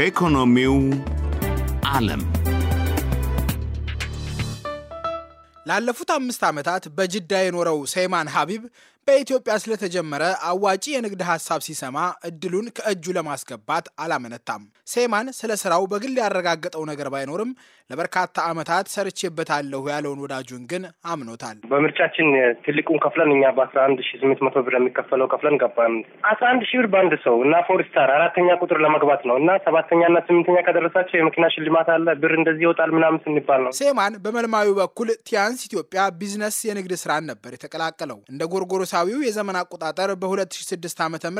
ከኢኮኖሚው ዓለም ላለፉት አምስት ዓመታት በጅዳ የኖረው ሰይማን ሀቢብ በኢትዮጵያ ስለተጀመረ አዋጪ የንግድ ሀሳብ ሲሰማ እድሉን ከእጁ ለማስገባት አላመነታም። ሴማን ስለ ስራው በግል ያረጋገጠው ነገር ባይኖርም ለበርካታ ዓመታት ሰርቼበታለሁ ያለውን ወዳጁን ግን አምኖታል። በምርጫችን ትልቁን ከፍለን እኛ በአስራ አንድ ሺ ስምንት መቶ ብር የሚከፈለው ከፍለን ገባን። አስራ አንድ ሺ ብር በአንድ ሰው እና ፎር ስታር አራተኛ ቁጥር ለመግባት ነው እና ሰባተኛ እና ስምንተኛ ከደረሳቸው የመኪና ሽልማት አለ ብር እንደዚህ ይወጣል ምናምን ስንባል ነው። ሴማን በመልማዩ በኩል ቲያንስ ኢትዮጵያ ቢዝነስ የንግድ ስራን ነበር የተቀላቀለው እንደ ጎርጎሮ በጎርጎሮሳዊው የዘመን አቆጣጠር በ2006 ዓ ም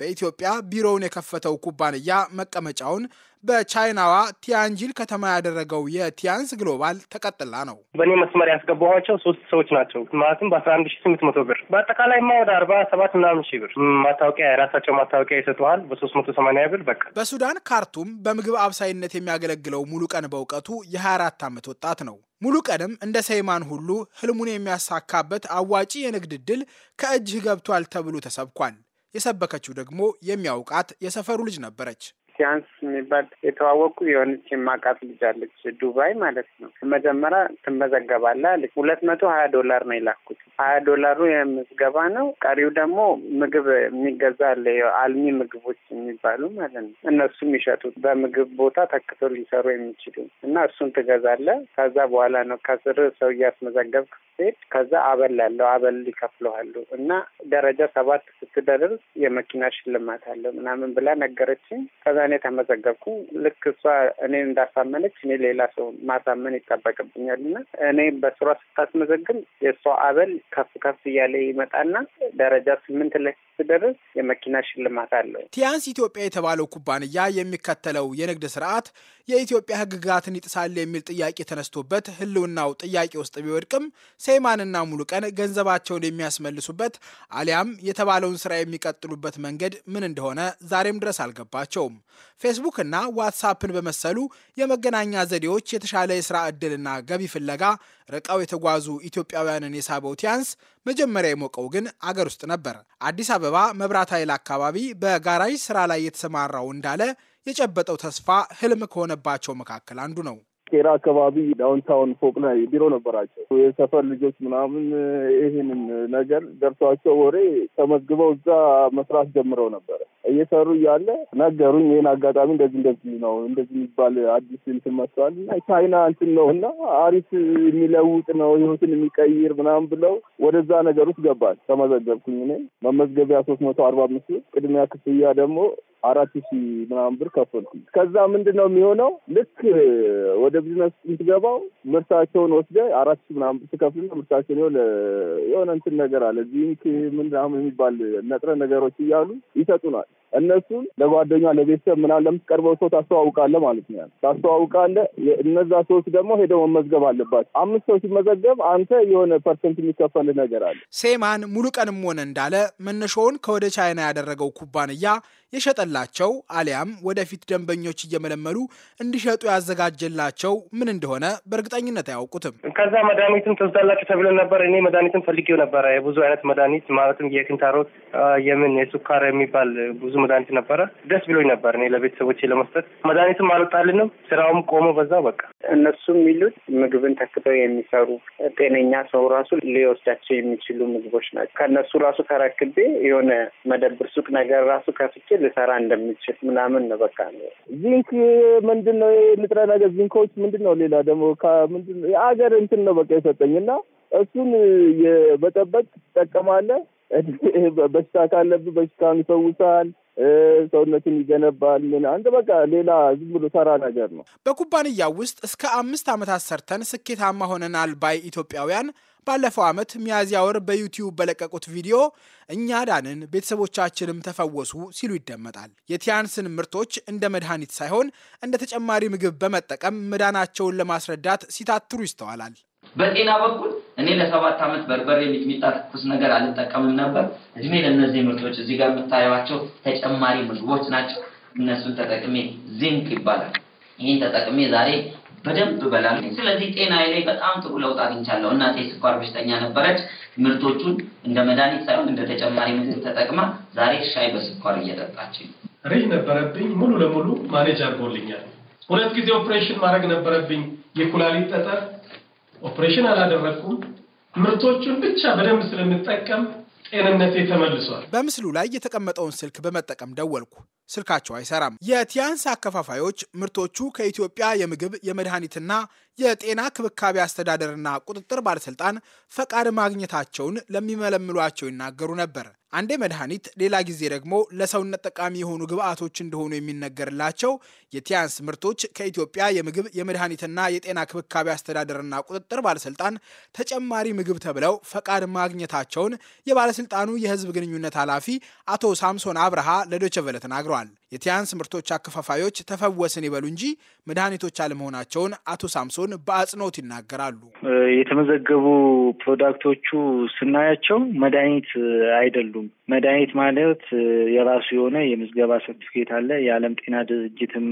በኢትዮጵያ ቢሮውን የከፈተው ኩባንያ መቀመጫውን በቻይናዋ ቲያንጂን ከተማ ያደረገው የቲያንስ ግሎባል ተቀጥላ ነው። በእኔ መስመር ያስገባኋቸው ሶስት ሰዎች ናቸው። ማለትም በአስራ አንድ ሺ ስምንት መቶ ብር በአጠቃላይ ማ ወደ አርባ ሰባት ምናምን ሺ ብር ማታወቂያ የራሳቸው ማታወቂያ ይሰጠዋል በሶስት መቶ ሰማኒያ ብር በቃ። በሱዳን ካርቱም በምግብ አብሳይነት የሚያገለግለው ሙሉ ቀን በእውቀቱ የሀያ አራት ዓመት ወጣት ነው። ሙሉ ቀንም እንደ ሰይማን ሁሉ ህልሙን የሚያሳካበት አዋጪ የንግድ እድል ከእጅህ ገብቷል ተብሎ ተሰብኳል። የሰበከችው ደግሞ የሚያውቃት የሰፈሩ ልጅ ነበረች። ሲያንስ የሚባል የተዋወቁ የሆነች የማውቃት ልጅ አለች፣ ዱባይ ማለት ነው። መጀመሪያ ትመዘገባለህ አለች። ሁለት መቶ ሀያ ዶላር ነው የላኩት። ሀያ ዶላሩ የምዝገባ ነው። ቀሪው ደግሞ ምግብ የሚገዛ አለ፣ አልሚ ምግቦች የሚባሉ ማለት ነው። እነሱም ይሸጡት በምግብ ቦታ ተክቶ ሊሰሩ የሚችሉ እና እሱን ትገዛለህ። ከዛ በኋላ ነው ከስር ሰው እያስመዘገብክ ስትሄድ፣ ከዛ አበል አለው አበል ይከፍለዋሉ እና ደረጃ ሰባት ስትደርስ የመኪና ሽልማት አለው ምናምን ብላ ነገረችኝ። ከዛ እኔ ተመዘገብኩ። ልክ እሷ እኔን እንዳሳመነች እኔ ሌላ ሰው ማሳመን ይጠበቅብኛል እና እኔ በስሯ ስታስመዘግብ የእሷ አበል ከፍ ከፍ እያለ ይመጣና ደረጃ ስምንት ላይ ስደርስ የመኪና ሽልማት አለው። ቲያንስ ኢትዮጵያ የተባለው ኩባንያ የሚከተለው የንግድ ስርዓት የኢትዮጵያ ህግጋትን ይጥሳል የሚል ጥያቄ ተነስቶበት ህልውናው ጥያቄ ውስጥ ቢወድቅም ሙሉ ሙሉቀን ገንዘባቸውን የሚያስመልሱበት አሊያም የተባለውን ስራ የሚቀጥሉበት መንገድ ምን እንደሆነ ዛሬም ድረስ አልገባቸውም። ፌስቡክ እና ዋትሳፕን በመሰሉ የመገናኛ ዘዴዎች የተሻለ የስራ ዕድልና ገቢ ፍለጋ ርቀው የተጓዙ ኢትዮጵያውያንን የሳበው ቲያንስ መጀመሪያ የሞቀው ግን አገር ውስጥ ነበር። አዲስ አበባ መብራት ኃይል አካባቢ በጋራጅ ስራ ላይ የተሰማራው እንዳለ የጨበጠው ተስፋ ህልም ከሆነባቸው መካከል አንዱ ነው። ቄራ አካባቢ ዳውንታውን ፎቅ ላይ ቢሮ ነበራቸው። የሰፈር ልጆች ምናምን ይህንን ነገር ደርሷቸው ወሬ ተመዝግበው እዛ መስራት ጀምረው ነበረ። እየሰሩ እያለ ነገሩኝ። ይህን አጋጣሚ እንደዚህ እንደዚህ ነው እንደዚህ የሚባል አዲስ እንትን መስሏል እና ቻይና እንትን ነው እና አሪፍ የሚለውጥ ነው ህይወትን የሚቀይር ምናምን ብለው ወደዛ ነገር ውስጥ ገባል። ተመዘገብኩኝ። እኔ መመዝገቢያ ሶስት መቶ አርባ አምስት ቅድሚያ ክፍያ ደግሞ አራት ሺ ምናምን ብር ከፈልኩ። ከዛ ምንድን ነው የሚሆነው? ልክ ወደ ቢዝነስ የምትገባው ምርታቸውን ወስደ አራት ሺ ምናምን ብር ትከፍልና ምርታቸውን የሆነ እንትን ነገር አለ ዚንክ ምናምን የሚባል ነጥረ ነገሮች እያሉ ይሰጡናል። እነሱን ለጓደኛ ለቤተሰብ ምናምን ለምትቀርበው ሰው ታስተዋውቃለህ ማለት ነው። ታስተዋውቃለህ። እነዛ ሰዎች ደግሞ ሄደው መመዝገብ አለባቸው። አምስት ሰው ሲመዘገብ አንተ የሆነ ፐርሰንት የሚከፈል ነገር አለ። ሴማን ሙሉ ቀንም ሆነ እንዳለ መነሻውን ከወደ ቻይና ያደረገው ኩባንያ የሸጠላቸው አሊያም ወደፊት ደንበኞች እየመለመሉ እንዲሸጡ ያዘጋጀላቸው ምን እንደሆነ በእርግጠኝነት አያውቁትም። ከዛ መድኃኒትም ትወስዳላችሁ ተብለን ነበር። እኔ መድኃኒትም ፈልጌው ነበረ። የብዙ አይነት መድኃኒት ማለትም የክንታሮት የምን የሱካር የሚባል ብዙ መድኃኒት ነበረ። ደስ ብሎኝ ነበር እኔ ለቤተሰቦቼ ለመስጠት። መድኃኒትም አልወጣልንም፣ ስራውም ቆሞ በዛው በቃ። እነሱ የሚሉት ምግብን ተክተው የሚሰሩ ጤነኛ ሰው ራሱ ሊወስዳቸው የሚችሉ ምግቦች ናቸው። ከእነሱ ራሱ ተረክቤ የሆነ መደብር ሱቅ ነገር ራሱ ከፍቼ ልሰራ እንደምችል ምናምን ነው በቃ። ዚንክ ምንድን ነው ንጥረ ነገር ዚንኮች ምንድን ነው ሌላ ደግሞ ከምንድን እንትን ነው በቃ የሰጠኝ እና እሱን የመጠበቅ ትጠቀማለህ። በሽታ ካለብህ በሽታን ይፈውሳል። ሰውነትን ይገነባል። ምን አንድ በቃ ሌላ ዝም ብሎ ሰራ ነገር ነው። በኩባንያ ውስጥ እስከ አምስት ዓመታት ሰርተን ስኬታማ ሆነናል ባይ ኢትዮጵያውያን ባለፈው ዓመት ሚያዝያ ወር በዩቲዩብ በለቀቁት ቪዲዮ እኛ ዳንን ቤተሰቦቻችንም ተፈወሱ ሲሉ ይደመጣል። የቲያንስን ምርቶች እንደ መድኃኒት ሳይሆን እንደ ተጨማሪ ምግብ በመጠቀም መዳናቸውን ለማስረዳት ሲታትሩ ይስተዋላል። በጤና በኩል እኔ ለሰባት ዓመት በርበሬ ሚጥሚጣ፣ ትኩስ ነገር አልጠቀምም ነበር። እድሜ ለእነዚህ ምርቶች እዚህ ጋር የምታዩቸው ተጨማሪ ምግቦች ናቸው። እነሱን ተጠቅሜ ዚንክ ይባላል። ይህን ተጠቅሜ ዛሬ በደንብ በላል። ስለዚህ ጤና ላይ በጣም ጥሩ ለውጥ አግኝቻለሁ። እና ስኳር በሽተኛ ነበረች። ምርቶቹን እንደ መድኃኒት ሳይሆን እንደ ተጨማሪ ምግብ ተጠቅማ ዛሬ ሻይ በስኳር እየጠጣች ሬጅ ነበረብኝ ሙሉ ለሙሉ ማኔጅ አድርጎልኛል። ሁለት ጊዜ ኦፕሬሽን ማድረግ ነበረብኝ የኩላሊት ጠጠር ኦፕሬሽን አላደረግኩም። ምርቶቹን ብቻ በደንብ ስለምጠቀም ጤንነቴ ተመልሷል። በምስሉ ላይ የተቀመጠውን ስልክ በመጠቀም ደወልኩ። ስልካቸው አይሰራም። የቲያንስ አከፋፋዮች ምርቶቹ ከኢትዮጵያ የምግብ የመድኃኒትና የጤና ክብካቤ አስተዳደርና ቁጥጥር ባለስልጣን ፈቃድ ማግኘታቸውን ለሚመለምሏቸው ይናገሩ ነበር። አንዴ መድኃኒት፣ ሌላ ጊዜ ደግሞ ለሰውነት ጠቃሚ የሆኑ ግብአቶች እንደሆኑ የሚነገርላቸው የቲያንስ ምርቶች ከኢትዮጵያ የምግብ የመድኃኒትና የጤና ክብካቤ አስተዳደርና ቁጥጥር ባለስልጣን ተጨማሪ ምግብ ተብለው ፈቃድ ማግኘታቸውን የባለስልጣኑ የህዝብ ግንኙነት ኃላፊ አቶ ሳምሶን አብርሃ ለዶቸቨለ ተናግረዋል። ተናግሯል። የቲያንስ ምርቶች አከፋፋዮች ተፈወስን ይበሉ እንጂ መድኃኒቶች አለመሆናቸውን አቶ ሳምሶን በአጽንኦት ይናገራሉ። የተመዘገቡ ፕሮዳክቶቹ ስናያቸው መድኃኒት አይደሉም። መድኃኒት ማለት የራሱ የሆነ የምዝገባ ሰርቲፊኬት አለ። የዓለም ጤና ድርጅትም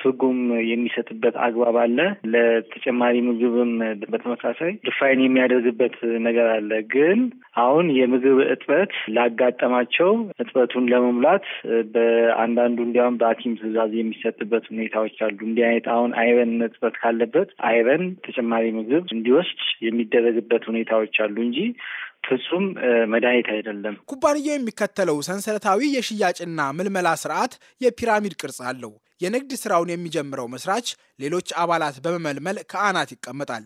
ትርጉም የሚሰጥበት አግባብ አለ። ለተጨማሪ ምግብም በተመሳሳይ ድፋይን የሚያደርግበት ነገር አለ። ግን አሁን የምግብ እጥረት ላጋጠማቸው እጥረቱን ለመሙላት በአንድ አንዳንዱ እንዲያውም በሐኪም ትዕዛዝ የሚሰጥበት ሁኔታዎች አሉ። እንዲህ አይነት አሁን አይበን ነጥበት ካለበት አይበን ተጨማሪ ምግብ እንዲወስድ የሚደረግበት ሁኔታዎች አሉ እንጂ ፍጹም መድኃኒት አይደለም። ኩባንያው የሚከተለው ሰንሰለታዊ የሽያጭና ምልመላ ስርዓት የፒራሚድ ቅርጽ አለው። የንግድ ስራውን የሚጀምረው መስራች ሌሎች አባላት በመመልመል ከአናት ይቀመጣል።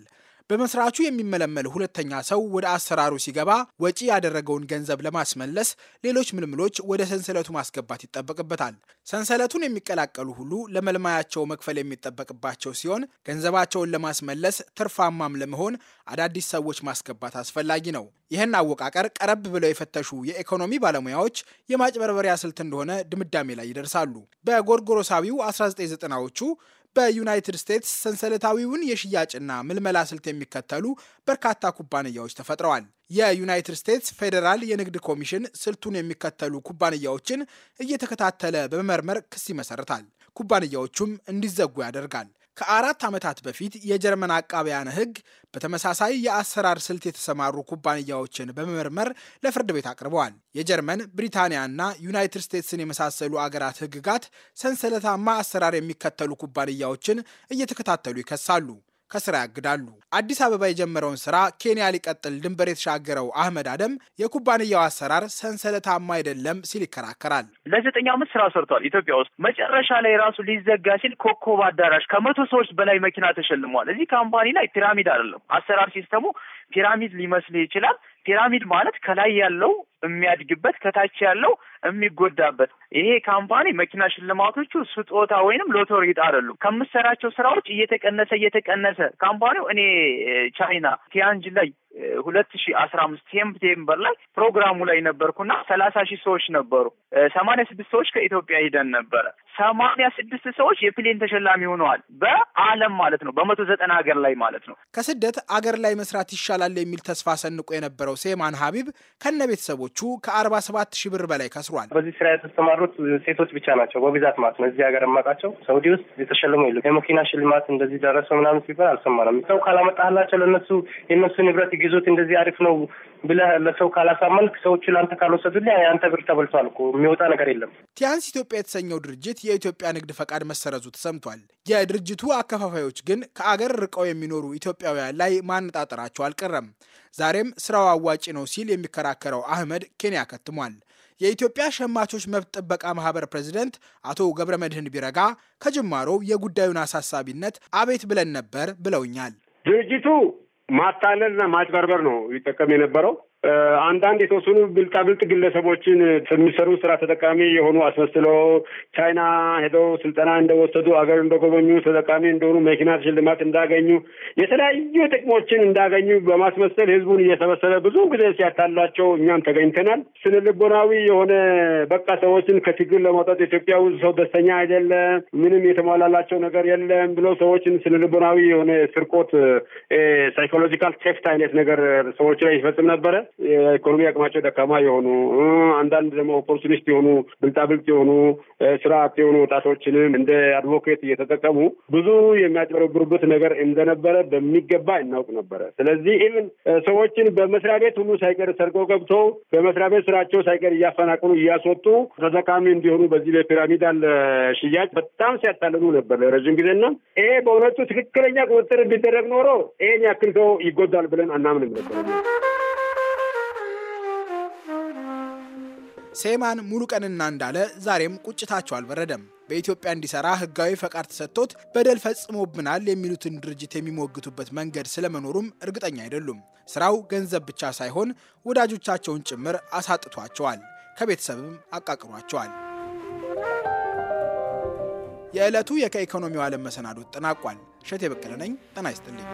በመስራቹ የሚመለመል ሁለተኛ ሰው ወደ አሰራሩ ሲገባ ወጪ ያደረገውን ገንዘብ ለማስመለስ ሌሎች ምልምሎች ወደ ሰንሰለቱ ማስገባት ይጠበቅበታል። ሰንሰለቱን የሚቀላቀሉ ሁሉ ለመልማያቸው መክፈል የሚጠበቅባቸው ሲሆን ገንዘባቸውን ለማስመለስ ትርፋማም ለመሆን አዳዲስ ሰዎች ማስገባት አስፈላጊ ነው። ይህን አወቃቀር ቀረብ ብለው የፈተሹ የኢኮኖሚ ባለሙያዎች የማጭበርበሪያ ስልት እንደሆነ ድምዳሜ ላይ ይደርሳሉ። በጎርጎሮሳዊው 1990ዎቹ በዩናይትድ ስቴትስ ሰንሰለታዊውን የሽያጭና ምልመላ ስልት የሚከተሉ በርካታ ኩባንያዎች ተፈጥረዋል። የዩናይትድ ስቴትስ ፌዴራል የንግድ ኮሚሽን ስልቱን የሚከተሉ ኩባንያዎችን እየተከታተለ በመመርመር ክስ ይመሰርታል። ኩባንያዎቹም እንዲዘጉ ያደርጋል። ከአራት ዓመታት በፊት የጀርመን አቃቢያን ሕግ በተመሳሳይ የአሰራር ስልት የተሰማሩ ኩባንያዎችን በመመርመር ለፍርድ ቤት አቅርበዋል። የጀርመን ብሪታንያና ዩናይትድ ስቴትስን የመሳሰሉ አገራት ሕግጋት ሰንሰለታማ አሰራር የሚከተሉ ኩባንያዎችን እየተከታተሉ ይከሳሉ። ከስራ ያግዳሉ። አዲስ አበባ የጀመረውን ስራ ኬንያ ሊቀጥል ድንበር የተሻገረው አህመድ አደም የኩባንያው አሰራር ሰንሰለታማ አይደለም ሲል ይከራከራል። ለዘጠኝ ዓመት ስራ ሰርቷል ኢትዮጵያ ውስጥ። መጨረሻ ላይ ራሱ ሊዘጋ ሲል ኮከብ አዳራሽ ከመቶ ሰዎች በላይ መኪና ተሸልመዋል። እዚህ ካምፓኒ ላይ ፒራሚድ አይደለም አሰራር ሲስተሙ ፒራሚድ ሊመስል ይችላል። ፒራሚድ ማለት ከላይ ያለው የሚያድግበት ከታች ያለው የሚጎዳበት። ይሄ ካምፓኒ መኪና ሽልማቶቹ ስጦታ ወይንም ሎተሪ ዕጣ አይደሉም። ከምሰራቸው ስራዎች እየተቀነሰ እየተቀነሰ ካምፓኒው እኔ ቻይና ቲያንጅን ላይ ሁለት ሺ አስራ አምስት ሴፕቴምበር ላይ ፕሮግራሙ ላይ ነበርኩና ሰላሳ ሺህ ሰዎች ነበሩ። ሰማንያ ስድስት ሰዎች ከኢትዮጵያ ሂደን ነበረ። ሰማንያ ስድስት ሰዎች የፕሌን ተሸላሚ ሆነዋል። በዓለም ማለት ነው በመቶ ዘጠና ሀገር ላይ ማለት ነው። ከስደት አገር ላይ መስራት ይሻላል የሚል ተስፋ ሰንቆ የነበረው ሴማን ሀቢብ ከነ ቤተሰቦቹ ከአርባ ሰባት ሺህ ብር በላይ ከስሯል። በዚህ ስራ የተሰማሩት ሴቶች ብቻ ናቸው በብዛት ማለት ነው። እዚህ ሀገር የማውቃቸው ሳውዲ ውስጥ የተሸለሙ የሉ የመኪና ሽልማት እንደዚህ ደረሰው ምናምን ሲባል አልሰማንም። ሰው ካላመጣላቸው ለነሱ የነሱ ንብረት ይዞት እንደዚህ አሪፍ ነው ብለህ ለሰው ካላሳመንክ ሰዎች ለአንተ ካልወሰዱልህ የአንተ ብር ተበልቷል እኮ የሚወጣ ነገር የለም። ቲያንስ ኢትዮጵያ የተሰኘው ድርጅት የኢትዮጵያ ንግድ ፈቃድ መሰረዙ ተሰምቷል። የድርጅቱ አከፋፋዮች ግን ከአገር ርቀው የሚኖሩ ኢትዮጵያውያን ላይ ማነጣጠራቸው አልቀረም። ዛሬም ስራው አዋጭ ነው ሲል የሚከራከረው አህመድ ኬንያ ከትሟል። የኢትዮጵያ ሸማቾች መብት ጥበቃ ማህበር ፕሬዚደንት አቶ ገብረ መድህን ቢረጋ ከጅማሮ የጉዳዩን አሳሳቢነት አቤት ብለን ነበር ብለውኛል። ድርጅቱ ማታለልና ማጭበርበር ነው ይጠቀም የነበረው። አንዳንድ የተወሰኑ ብልጣብልጥ ግለሰቦችን የሚሰሩ ስራ ተጠቃሚ የሆኑ አስመስለው ቻይና ሄደው ስልጠና እንደወሰዱ አገር እንደጎበኙ ተጠቃሚ እንደሆኑ መኪና ሽልማት እንዳገኙ የተለያዩ ጥቅሞችን እንዳገኙ በማስመሰል ህዝቡን እየሰበሰበ ብዙ ጊዜ ሲያታሏቸው እኛም ተገኝተናል። ስነ ልቦናዊ የሆነ በቃ ሰዎችን ከችግር ለማውጣት ኢትዮጵያ ውስጥ ሰው ደስተኛ አይደለም፣ ምንም የተሟላላቸው ነገር የለም ብሎ ሰዎችን ስንልቦናዊ የሆነ ስርቆት ሳይኮሎጂካል ቴክት አይነት ነገር ሰዎች ላይ ይፈጽም ነበረ። የኢኮኖሚ አቅማቸው ደካማ የሆኑ አንዳንድ ደግሞ ኦፖርቹኒስት የሆኑ ብልጣብልጥ የሆኑ ስራ ስርዓት የሆኑ ወጣቶችንም እንደ አድቮኬት እየተጠቀሙ ብዙ የሚያጭበረብሩበት ነገር እንደነበረ በሚገባ እናውቅ ነበረ። ስለዚህ ኢቭን ሰዎችን በመስሪያ ቤት ሁሉ ሳይቀር ሰርቆ ገብቶ በመስሪያ ቤት ስራቸው ሳይቀር እያፈናቅሉ እያስወጡ ተጠቃሚ እንዲሆኑ በዚህ በፒራሚዳል ሽያጭ በጣም ሲያታልሉ ነበር ረዥም ጊዜና ይሄ በእውነቱ ትክክለኛ ቁጥጥር ቢደረግ ኖሮ ይሄን ያክል ሰው ይጎዳል ብለን አናምንም ነበር። ሴማን ሙሉ ቀንና እንዳለ ዛሬም ቁጭታቸው አልበረደም። በኢትዮጵያ እንዲሰራ ህጋዊ ፈቃድ ተሰጥቶት በደል ፈጽሞብናል የሚሉትን ድርጅት የሚሞግቱበት መንገድ ስለመኖሩም እርግጠኛ አይደሉም። ስራው ገንዘብ ብቻ ሳይሆን ወዳጆቻቸውን ጭምር አሳጥቷቸዋል፣ ከቤተሰብም አቃቅሯቸዋል። የዕለቱ የከኢኮኖሚው ዓለም መሰናዶ ተጠናቋል። እሸቴ በቀለ ነኝ። ጤና ይስጥልኝ።